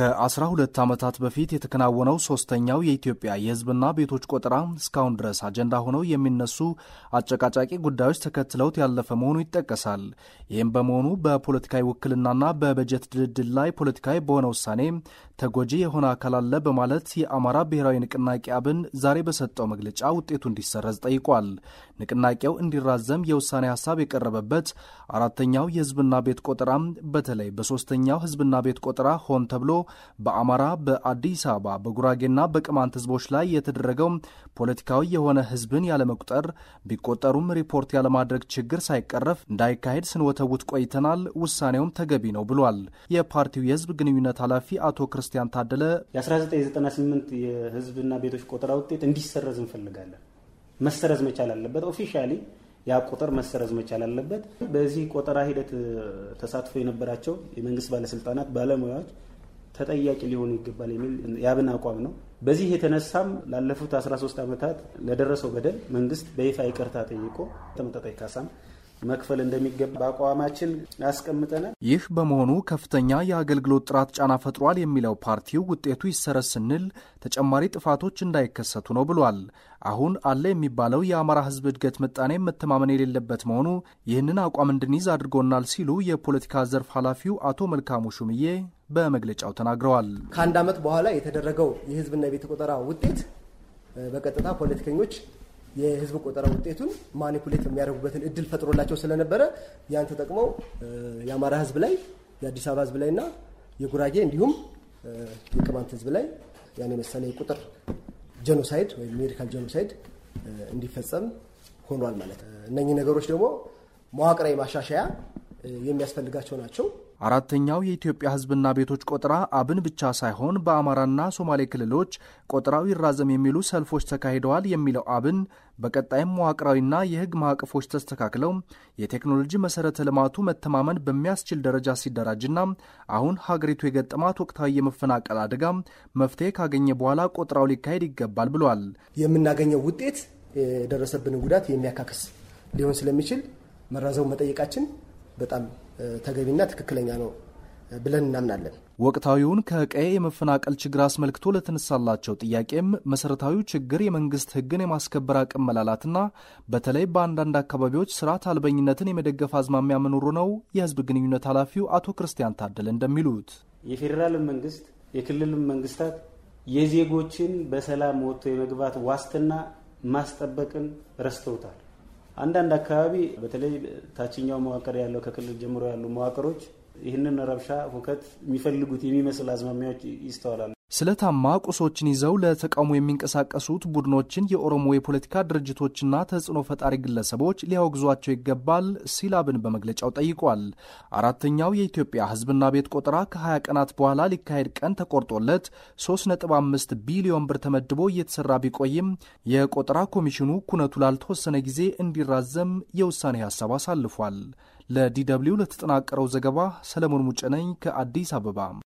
ከ12 ዓመታት በፊት የተከናወነው ሶስተኛው የኢትዮጵያ የህዝብና ቤቶች ቆጠራ እስካሁን ድረስ አጀንዳ ሆነው የሚነሱ አጨቃጫቂ ጉዳዮች ተከትለውት ያለፈ መሆኑ ይጠቀሳል። ይህም በመሆኑ በፖለቲካዊ ውክልናና በበጀት ድልድል ላይ ፖለቲካዊ በሆነ ውሳኔ ተጎጂ የሆነ አካል አለ በማለት የአማራ ብሔራዊ ንቅናቄ አብን ዛሬ በሰጠው መግለጫ ውጤቱ እንዲሰረዝ ጠይቋል። ንቅናቄው እንዲራዘም የውሳኔ ሀሳብ የቀረበበት አራተኛው የህዝብና ቤት ቆጠራ በተለይ በሶስተኛው ህዝብና ቤት ቆጠራ ሆን ተብሎ በአማራ በአዲስ አበባ በጉራጌና በቅማንት ህዝቦች ላይ የተደረገው ፖለቲካዊ የሆነ ህዝብን ያለመቁጠር ቢቆጠሩም ሪፖርት ያለማድረግ ችግር ሳይቀረፍ እንዳይካሄድ ስንወተውት ቆይተናል። ውሳኔውም ተገቢ ነው ብሏል። የፓርቲው የህዝብ ግንኙነት ኃላፊ አቶ ክርስቲያን ታደለ የ1998 የህዝብና ቤቶች ቆጠራ ውጤት እንዲሰረዝ እንፈልጋለን። መሰረዝ መቻል አለበት። ኦፊሻሊ ያ ቁጥር መሰረዝ መቻል አለበት። በዚህ ቆጠራ ሂደት ተሳትፎ የነበራቸው የመንግስት ባለስልጣናት፣ ባለሙያዎች ተጠያቂ ሊሆኑ ይገባል የሚል የአብን አቋም ነው። በዚህ የተነሳም ላለፉት 13 ዓመታት ለደረሰው በደል መንግስት በይፋ ይቅርታ ጠይቆ ተመጣጣኝ ካሳም መክፈል እንደሚገባ አቋማችን ያስቀምጠናል። ይህ በመሆኑ ከፍተኛ የአገልግሎት ጥራት ጫና ፈጥሯል የሚለው ፓርቲው ውጤቱ ይሰረዝ ስንል ተጨማሪ ጥፋቶች እንዳይከሰቱ ነው ብሏል። አሁን አለ የሚባለው የአማራ ሕዝብ እድገት ምጣኔ መተማመን የሌለበት መሆኑ ይህንን አቋም እንድንይዝ አድርጎናል ሲሉ የፖለቲካ ዘርፍ ኃላፊው አቶ መልካሙ ሹምዬ በመግለጫው ተናግረዋል። ከአንድ ዓመት በኋላ የተደረገው የህዝብና የቤት ቆጠራ ውጤት በቀጥታ ፖለቲከኞች የህዝብ ቆጠራ ውጤቱን ማኒፑሌት የሚያደርጉበትን እድል ፈጥሮላቸው ስለነበረ ያን ተጠቅመው የአማራ ህዝብ ላይ የአዲስ አበባ ህዝብ ላይ እና የጉራጌ እንዲሁም የቅማንት ህዝብ ላይ ያን የመሰለ የቁጥር ጀኖሳይድ ወይም ሜዲካል ጀኖሳይድ እንዲፈጸም ሆኗል ማለት ነው። እነኚህ ነገሮች ደግሞ መዋቅራዊ ማሻሻያ የሚያስፈልጋቸው ናቸው። አራተኛው የኢትዮጵያ ህዝብና ቤቶች ቆጠራ አብን ብቻ ሳይሆን በአማራና ሶማሌ ክልሎች ቆጠራው ይራዘም የሚሉ ሰልፎች ተካሂደዋል የሚለው አብን በቀጣይም መዋቅራዊና የህግ ማዕቀፎች ተስተካክለው የቴክኖሎጂ መሰረተ ልማቱ መተማመን በሚያስችል ደረጃ ሲደራጅና አሁን ሀገሪቱ የገጠማት ወቅታዊ የመፈናቀል አደጋ መፍትሄ ካገኘ በኋላ ቆጠራው ሊካሄድ ይገባል ብሏል። የምናገኘው ውጤት የደረሰብንን ጉዳት የሚያካክስ ሊሆን ስለሚችል መራዘው መጠየቃችን በጣም ተገቢና ትክክለኛ ነው ብለን እናምናለን። ወቅታዊውን ከቀየ የመፈናቀል ችግር አስመልክቶ ለተነሳላቸው ጥያቄም መሰረታዊው ችግር የመንግስት ህግን የማስከበር አቅም መላላትና በተለይ በአንዳንድ አካባቢዎች ስርዓት አልበኝነትን የመደገፍ አዝማሚያ መኖሩ ነው የህዝብ ግንኙነት ኃላፊው አቶ ክርስቲያን ታደለ እንደሚሉት። የፌዴራል መንግስት፣ የክልል መንግስታት የዜጎችን በሰላም ወጥቶ የመግባት ዋስትና ማስጠበቅን ረስተውታል። አንዳንድ አካባቢ በተለይ ታችኛው መዋቅር ያለው ከክልል ጀምሮ ያሉ መዋቅሮች ይህንን ረብሻ ሁከት የሚፈልጉት የሚመስል አዝማሚያዎች ይስተዋላሉ። ስለታማ ቁሶችን ይዘው ለተቃውሞ የሚንቀሳቀሱት ቡድኖችን የኦሮሞ የፖለቲካ ድርጅቶችና ተጽዕኖ ፈጣሪ ግለሰቦች ሊያወግዟቸው ይገባል ሲል አብን በመግለጫው ጠይቋል። አራተኛው የኢትዮጵያ ሕዝብና ቤት ቆጠራ ከ20 ቀናት በኋላ ሊካሄድ ቀን ተቆርጦለት 3.5 ቢሊዮን ብር ተመድቦ እየተሰራ ቢቆይም የቆጠራ ኮሚሽኑ ኩነቱ ላልተወሰነ ጊዜ እንዲራዘም የውሳኔ ሀሳብ አሳልፏል። ለዲደብሊው ለተጠናቀረው ዘገባ ሰለሞን ሙጨነኝ ከአዲስ አበባ